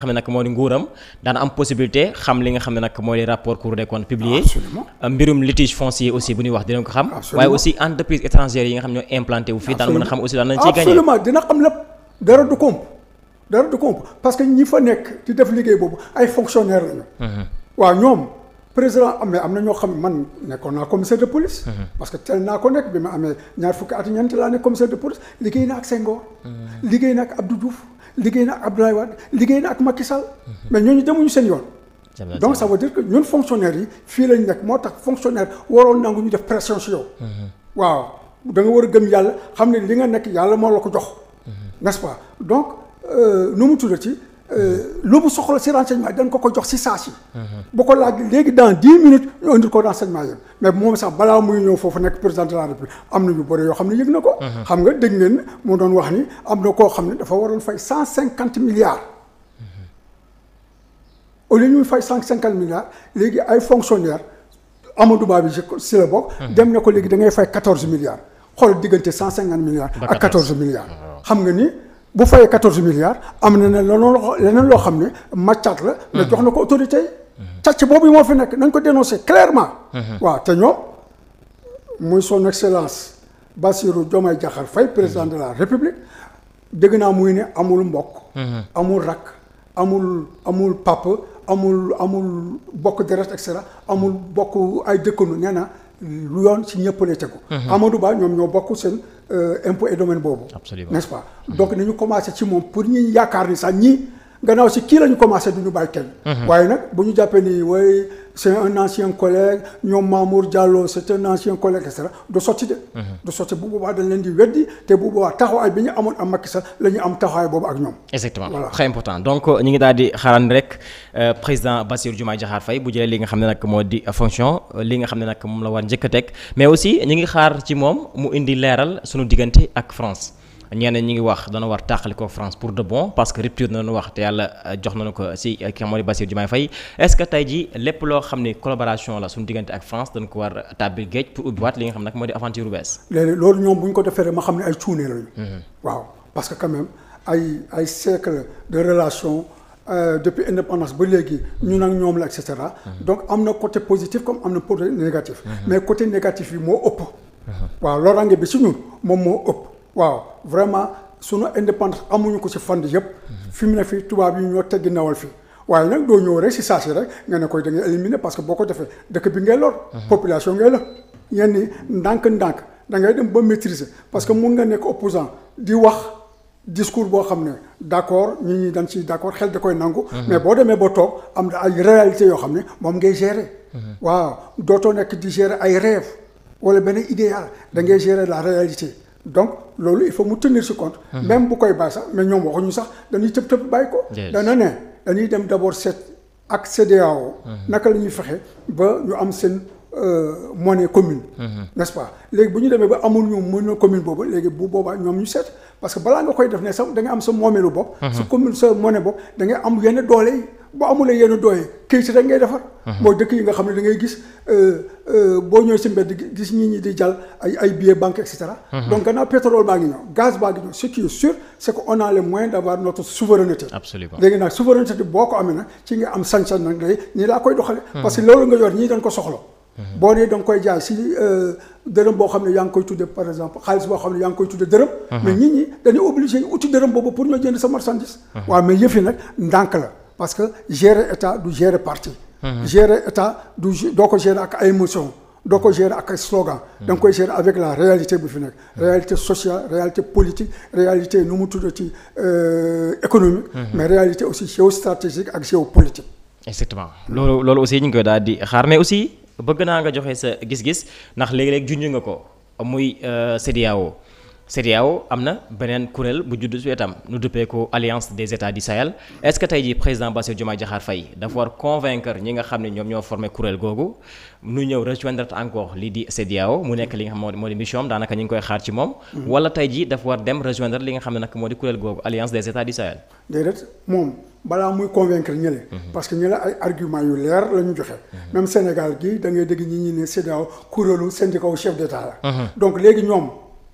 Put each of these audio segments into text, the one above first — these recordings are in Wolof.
xam ne nag moo di nguuram daana am possibilité xam li nga xam ne nag mooy rapport Cour des comptes publié euh, mbirum litige foncier aussi bu ñuy wax dinañ ko xam waaye aussi entreprise étrangère yi nga xam ñoo implanté wu fii daan mën a xam aussi dara du komp dara du komp parce que ñi fa nekk di def liggéey boobu ay fonctionnaire lañu mhm. waaw ñoom président am na am na ñoo xam man nekkoon naa commissaire de police mhm. parce que tel naa ko nekk bi ma amee ñaar fukki at ñeent laa ne commissaire de liggéey na ak Abdoulaye Wade liggéey na ak Macky Sall mhm. mais ñooñu demuñu seen yoon donc ça veut dire que ñun fonctionnaires yi fii lañ nekk moo tax fonctionnaire waroon nangu ñu def pression si yow mhm. waaw da nga war a gëm yàlla xam ne li nga nekk yàlla moo la ko jox mhm. n'est-ce pas donc euh, nu mu tuddati Euh, lu mu soxla si renseignement dañ ko ko jox si saa si. Mhm. bu ko laaj léegi dans dix minutes ñu indil ko renseignement yëpp mais moom sax balaa muy ñëw foofu nekk président de la république am na ñu bëri yoo xam ne yëg na ko. Mhm. xam nga dégg ngeen moo doon wax ni am na koo xam ne dafa waroon fay cent cinquante milliards. Mhm. au lieu ñuy fay cent cinquante milliards léegi ay fonctionnaires Amadou Ba bi si la bokk. dem na ko léegi dangay ngay fay quatorze milliards. xool diggante cent cinquante milliards. ak quatorze milliards xam nga ni. bu fayee quatorze milliards am na ne leneen loo xam ne màccaat la. mais mm-hmm. jox na ko autorité yi. boobu yi moo fi nekk nañ ko dénoncer clairement. Mm-hmm. waaw te ñoom muy son excellence Bassirou Diomaye Diakhar Faye président mm-hmm. de la république dégg naa muy ne amul mbokk. amul rakk amul amul papa amul amul bokk deret et cetera amul bokk ay dëkkanu nee na lu yoon ci ñëpp lay tegu. Amadou Ba ñoom ñoo bokk seen. Euh, impôt et domaine boobu. absolument n'est-ce pas donc nañu commencé ci mom pour ñu yaakaar ni sa ñi gannaaw si kii lañu commencé du ñu bàyyi kenn. Mhm. waaye nag bu ñu jàppee ni way c'est un ancien ñoom Mamour Diallo c'est un ancien collègue et cetera du sotti de. Mhm. du sotti bu boobaa dañ leen di weddi te bu boobaa taxawaay bi ñu amoon am Macky Sall la am taxawaay boobu ak ñoom. exactement très important donc euh, ñu ngi daal di xaarandi rek euh, président Bassirou Diomaye Diakhar Faye bu jëlee li nga xam ne nag moo di fonction euh, li nga xam ne nag moom la war njëkk a teg mais aussi ñu ngi xaar ci moom mu indi leeral sunu diggante ak France. ñeneen ñi ngi wax dana war tàqali France pour de bon parce que rupture nañu wax te yàlla euh, jox nañu ko si euh, ki nga xam ne Bassirou Diomaye Faye est-ce que lépp loo xam ne collaboration la suñu diggante ak France dañ ko war tàbbi géej pour ubbiwaat li nga xam nag moo di aventure bu loolu ñoom bu ñu ko defee rek ma xam ne ay cuune mhm. de relation. Euh, depuis indépendance ba léegi ñun ak ñoom la et cetera. Mhm. donc am na côté positif comme am na côté négatif. Mm mais côté vraiment sunu indépendance amuñu ko ci fànn yëpp. fi mu ne fii tubaab yi ñoo teggi nawal fi waaye nag doo ñëw rek si saa si rek nga ne koy da éliminer parce que boo ko defee dëkk bi ngay lor. Mhm. population ngay lor. ñenn ñi ndànk-ndànk da ngay dem ba maîtriser parce que mun nga nekk opposant di wax discours boo xam ne d' accord ñi ñi dañ ci d' accord xel da koy nangu. Mhm. mais boo demee ba toog am na ay réalité yoo xam ne moom ngay gérer. Mhm. waaw dootoo nekk di gérer ay rêve wala benn idéal da ngay gérer la réalité. donc loolu il faut mu tenir ci compte. même bu koy bàyyi sax mais ñoom waxuñu sax dañuy tëb tëb bàyyi ko. dana ne dañuy dem d' abord seet ak CEDEAO. naka la ñuy fexe ba ñu am seen euh, monnaie commune. n' est ce pas léegi bu ñu demee ba amul ñu monnaie commune boobu léegi bu boobaa ñoom ñu seet parce que balaa nga koy def ne sax da nga am sa moomeelu bopp. sa commune sa monnaie bopp da nga am yenn doole yi. boo amulee yenn doyee kii si rek ngay defar. mooy mhm. dëkk yi nga xam ne da ngay gis euh, euh, boo ñëwee si mbedd gis ñi ñi di jàll ay ay billets banque et cetera. Mhm. donc gannaaw pétrole baa ngi ñëw gaz baa ngi ñëw ce qui est sûr c' que on a les moyens d' avoir notre souveraineté. absolument léegi boo ko amee nag ci nga am sañ-sañ nag day ñii laa koy doxale mhm. parce que loolu nga yor ñii dañ ko soxla. boo nee da nga koy euh, boo xam ne yaa ngi koy tudde par exemple xaalis boo xam ne yaa ngi koy tudde dërëm. mais nit ñi dañuy obligé boobu pour ñu jënd sa marchandise. waaw mais yëf yi nag la. parce que gérer état du gérer parti. Mhm. gérer état du doo ko gérer ak ay émotion doo ko gérer ak ay slogan. Mhm. da nga koy gérer avec la réalité bu fi nekk. Mhm. réalité sociale réalité politique réalité nu mu tudd ci euh, économique. mais réalité aussi géostratégique ak géopolitique. exactement loolu loolu aussi ñu ngi koy daal di xaar mais aussi bëgg naa nga joxe sa gis-gis ndax léegi-léeg junj nga ko muy euh, CEDEAO. CEDEAO am na beneen kuréel bu judd su nu duppee alliance des états du Sahel est-ce que président Bassirou Diomaye Diakhar Faye dafa war convaincre ñi nga xam ne ñoom ñoo formé kuréel googu nu ñëw rejoindre encore lii di CEDEAO mu nekk li nga xam moo di mission daanaka ñu ngi koy xaar ci moom. Mm-hmm. wala tey jii dafa war dem rejoindre li nga xam ne nag moo di kuréel googu alliance des états du Sahel. déedéet moom balaa muy convaincre ñële. Mm-hmm. parce que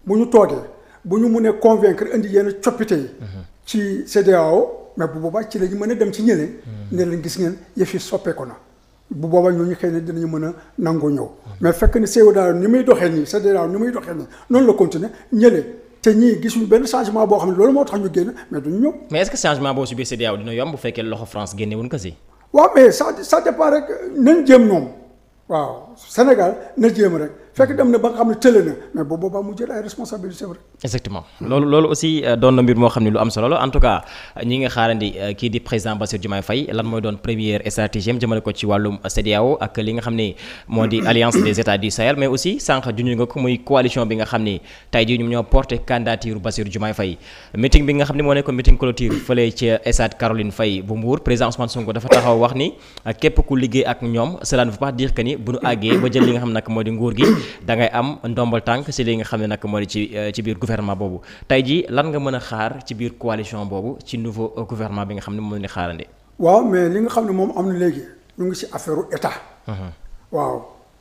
bu ñu toogee bu ñu munee convaincre indi yenn coppite yi. ci CEDEAO mais bu boobaa ci la ñu mën a dem ci ñeneen. Hmm. ne leen gis ngeen yëf yi soppeeku na. bu boobaa ñu xëy na dinañu mën a nangoo ñëw. mais fekk ni CEDEAO ni muy doxee nii CEDEAO ni muy doxee nii noonu la continuer ñële te ñii gisuñu benn changement boo xam ne loolu moo tax ñu génn mais duñu ñëw. mais est-ce si biir CEDEAO dina yomb bu fekkee loxo France génne wuñ ko si. waaw mais ça ça rek nañ jéem ñoom waaw Sénégal na jéem rek. fekk dem na ba nga xam ne tële na mais boobaa mu jël ay responsabilité c'est exactement loolu loolu aussi euh, doon na mbir moo xam ne lu am solo la en tout cas ñi nga xaarandi euh, kii di président Bassirou Diomaye Faye lan mooy doon première stratégie am jëmale ko ci wàllum euh, li nga xam ne moo di alliance des états du mais aussi sànq junj nga ko muy coalition bi nga xam ne tey jii ñoom ñoo porté candidature Bassirou Diomaye Faye meeting bi nga xam ne moo nekkoon meeting clôture fële ci stade Caroline Faye bu Mbour président Ousmane képp ku liggéey ak ñoom cela ne veut ba jël li nga xam nag moo di nguur gi da ngay am ndombal tànk si li nga xam ne nag moo di ci euh, ci biir gouvernement boobu tey ji lan nga mën a xaar ci biir coalition boobu ci niveau euh, gouvernement bi nga xam ne moom la xaarandi. waaw mais nga xam ne moom am na léegi ñu ngi si affaire état. Mhm. waaw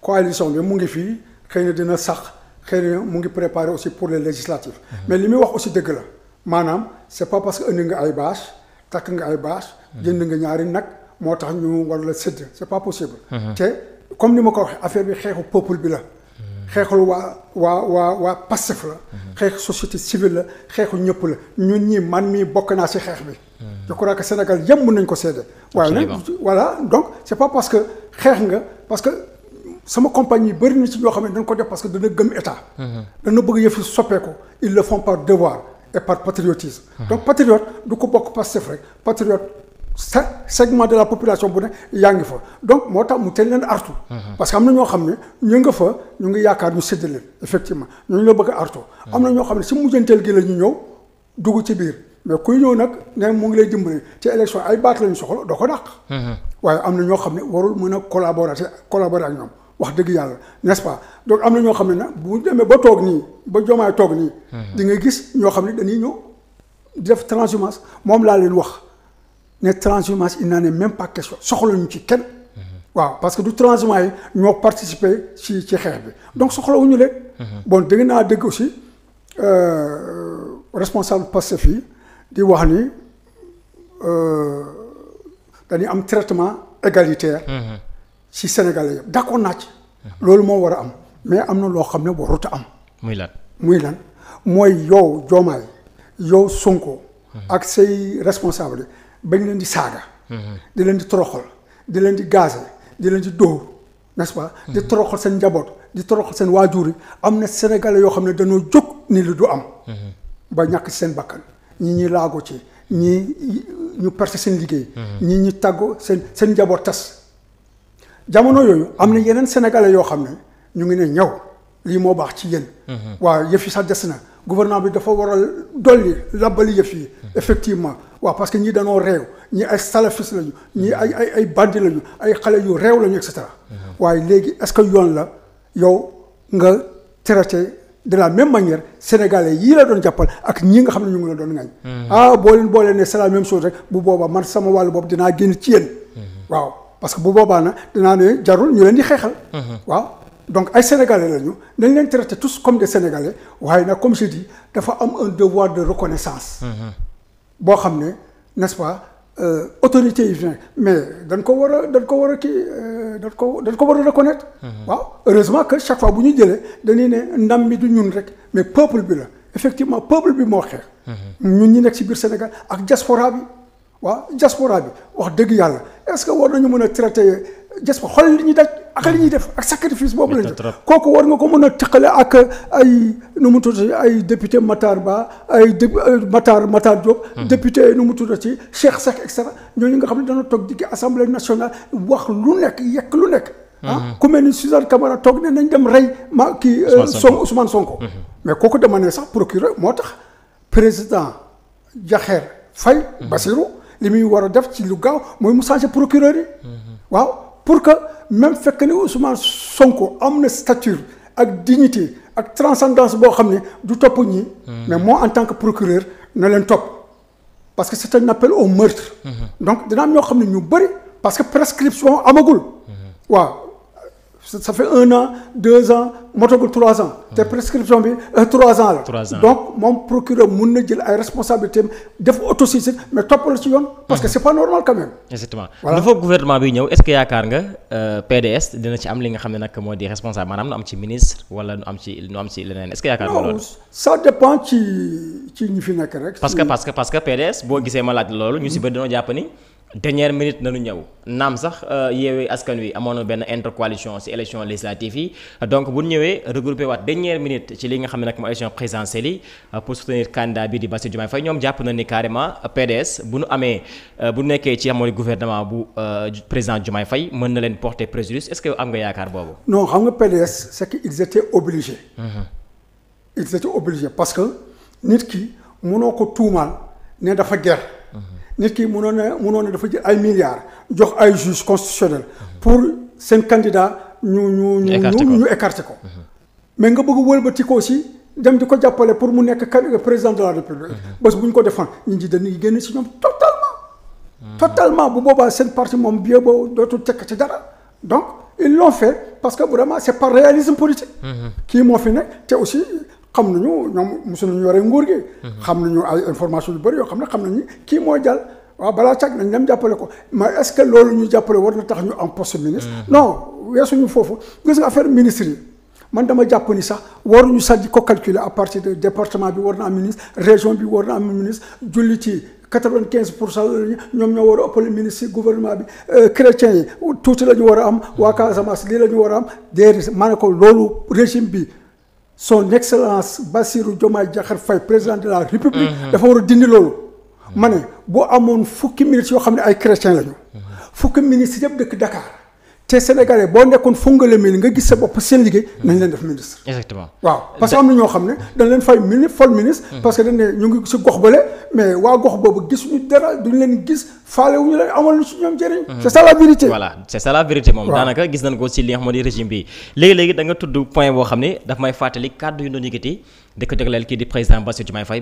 coalition bi mu ngi fii xëy na dina sax xëy na mu ngi préparé aussi pour les législatives. Mhm. mais li muy wax aussi dëgg la maanaam c'est pas parce que indi nga ay bâche takk nga ay bâche. Mhm. jënd nga ñaari nag moo tax ñu war la sëdd c'est pas possible. te ni ma ko waxee affaire bi xeexu peuple bi la. xeexul waa waa waa waa Pastef la. Mhm. xeex société civile la xeexu ñëpp la ñun ñii man mii bokk naa si xeex bi. Mhm. je crois Sénégal yëpp mën nañ ko seede. waaye nag voilà donc c'est pas parce que xeex nga parce que sama compagnie yi bëri na ci ñoo xam ne dañ ko def parce que dana gëm état. Mhm. dana bëgg yëf yi soppeeku ils le font par devoir et par patriotisme. donc patriote du ko bokk Pastef rek patriote. segment de la population bu ne yaa ngi fa donc moo tax mu teel leen artu mhm. parce que am na ñoo xam ne ñu nga fa ñu ngi yaakaar ñu sédd leen effectivement ñu la bëgg a artu mhm. am na ñoo xam ne si mujjanteel gi la ñu ñëw dugg ci biir mais kuy ñëw nag ne mu ngi lay dimbali ci élection ay baat la ñu soxla doo ko dàq mhm. waaye am na ñoo xam ne warul mën a collaborer collaborer wax dëgg yàlla nest pas donc am na ñoo xam ne nag bu demee ba toog nii ba jomaay toog nii di nga gis ñoo xam ne dañuy ñëw di def transhumance moom laa leen wax ne transhumance il n'en est même pas question soxlawuñu ci kenn. waaw parce que du transhumant yi ñoo participer ci ci xeex bi donc soxlawuñu leen. bon dégg naa dégg aussi euh, responsable Pastef yi di wax ni euh, dañuy am traitement égalitaire. ci Sénégalais yëpp d'accord naa ci. loolu moo war a am mais am na loo xam ne warut a am. muy lan muy lan mooy yow Diomaye yow Sonko. ak say responsable bañ leen di saaga. di leen di toroxal di leen di gazer di leen di dóor n'est-ce di hmm. toroxal seen njaboot di toroxal seen waajur yi am na sénégalais yoo xam ne dañoo jóg ni lu du am. Hmm. ba ñàkk seen bakkan ñi ñuy laago ci ñi ñu perte seen liggéey. Hmm. ñi ñu tàggoo seen seen njaboot tas. jamono yooyu am na yeneen sénégalais yoo xam ne ñu ngi ne ñëw lii moo baax ci yéen. waaw yëf yi sax des na. gouvernement bi dafa war a dolli làmbali yëf yi effectivement waaw parce que ñi dañoo réew ñi ay salafis lañu ñi ay ay ay bandi lañu ay xale yu réew lañu et cetera waaye léegi est-ce que yoon la yow nga traité de la même manière sénégalais yii la doon jàppal ak ñi nga xam ne ñu ngi la doon ngañ hmm. ah boo leen boo ne c'est la même chose rek bu boobaa man sama wàllu boobu dinaa génn ci yéen hmm. waaw parce que bu boobaa na dinaa ne jarul ñu leen di xeexal hmm. waaw donc ay sénégalais lañu dañ leen traité tous comme de sénégalais waaye nag comme je dis dafa am un devoir de reconnaissance. Mm-hmm. boo xam ne n'est-ce pas euh, autorité yi vient mais dañ ko war a dañ ko war a kii euh, dañ ko dañ ko war a reconnaître. Mm-hmm. waaw heureusement que chaque fois bu ñu jëlee dañuy ne ndam mi du ñun rek mais peuple bi la effectivement peuple bi moo xeex. Mm-hmm. ñun ñi nekk ci biir Sénégal ak diaspora bi. waaw diaspora bi wax dëgg yàlla est-ce que war nañu mën a traité diaspora xool li ñu daj. ak li ñuy def ak sacrifice boobu lañ def kooku war nga ko mën a tëqale ak ay nu mu tuddati ay député Matar Ba ay dé Matar Matar Diop. Hmm. député nu mu tuddati Cheikh Seck et ñoo ñooñu nga xam ne dana toog digg assemblée nationale wax lu nekk yekk lu nekk. Ah, hmm. ku mel ni Suzanne Camara toog ne nañ dem rey ma kii. Euh, son Ousmane Sonko. Hmm. mais kooku dama sax procureur moo tax président Diakher Faye Basirou li muy war a def ci lu gaaw mooy mu changé procureur yi. pour que même fekk ne Ousmane Sonko am na stature ak dignité ak transcendance boo xam ne du topp ñi hmm. mais moi en tant que procureur na leen topp parce que c'est un appel au meurtre hmm. donc dina am ñoo xam ne ñu bëri parce que prescription amagul hmm. waaw ça fait un an deux ans motagul trois ans. te prescription bi euh, trois ans la. donc moom procureur mun na jël ay responsabilités def autosaisine mais toppal ci yoon. parce que mm. c' pas normal quand même. exactement voilà dafa gouvernement bi ñëw est ce que yaakaar nga euh, PDS dina ci am li nga xam ne nag moo di responsable maanaam nu am ci ministre wala nu am ci nu am ci leneen est que yaakaar nga loolu. ça dépend ci ci ñi fi nekk rek. parce que parce que parce que PDS boo gisee ma dernière minute nañu ñëw naam sax euh, yeewee askan wi amoon na benn intercoalition ci élection législative yi donc bu ñëwee regroupé waat dernière minute ci li nga xam ne nag mooy élection présidentielle yi euh, pour soutenir candidat bi di Bassirou Diomaye Faye ñoom jàpp na ni carrément euh, PDS bu nu amee bu nekkee ci amoon gouvernement bu président Diomaye Faye mën na leen porter préjudice est-ce que am nga yaakaar boobu. non mhm. parce que nit ki mënoo ko tuumaal ne nit kii mënoon na mënoon na dafa jël ay milliards jox ay juge constitutionnel pour seen candidat ñu ñu ñu ñu écarté ko mais nga bëgg wëlbati ko aussi dem di ko jàppale pour mu nekk président de la république mhm. bés bu ñu ko defoon ñun ji dañuy génn si ñoom totalement mhm. totalement bu boobaa seen parti moom bieu boo dootul tekk ci dara donc ils l'ont fait parce que vraiment c'est par réalisme politique mhm. kii moo fi nekk te aussi xam ñu ñoom mosu nañu yore nguur gi. Mhm. xam ñu ay information yu bëri yoo xam ne xam nañu kii mooy jàll waaw balaa càgg nañ dem jàppale ko ma est-ce que loolu ñu jàppale war na tax ñu am poste ministre. Mhm. non weesuñu foofu gis nga man dama jàpp ni sax waruñu sax ko calculer à partir de département bi war na am ministre région bi war na am ministre julli ci quatre-vingt-quinze pour cent ñoom ñoo war a ëppale ministre gouvernement bi euh, chrétien yi tuuti la ñu war a am waa Casamance lii la ñu war a am déedéet ma ne ko loolu régime bi son excellence Bassirou Diomaye Diakhar Faye président de la république mhm. dafa war a dindi loolu ma ne boo amoon fukki ministres yoo xam ne ay chrétiens lañu mhm. fukki ministres yëpp dëkk Dakar te Sénégalais boo nekkoon fongale mel nga gis sa bopp seen liggéey mm. nañ leen def ministre. exactement waaw parce que am na ñoo xam ne dañ leen fay ministre fol mm. parce que dañ ñu ngi si gox bële mais waa gox boobu gisuñu leen gis faale wuñu leen amal su ñoom jëriñ. Mm. c' est la vérité. voilà c' est vérité moom. daanaka gis nañ ko si li nga xam ne régime bi léegi léegi da tudd point boo xam ne daf may fàttali kàddu yu doon yëkkati di ko jagleel kii di président Bassirou Diomaye Faye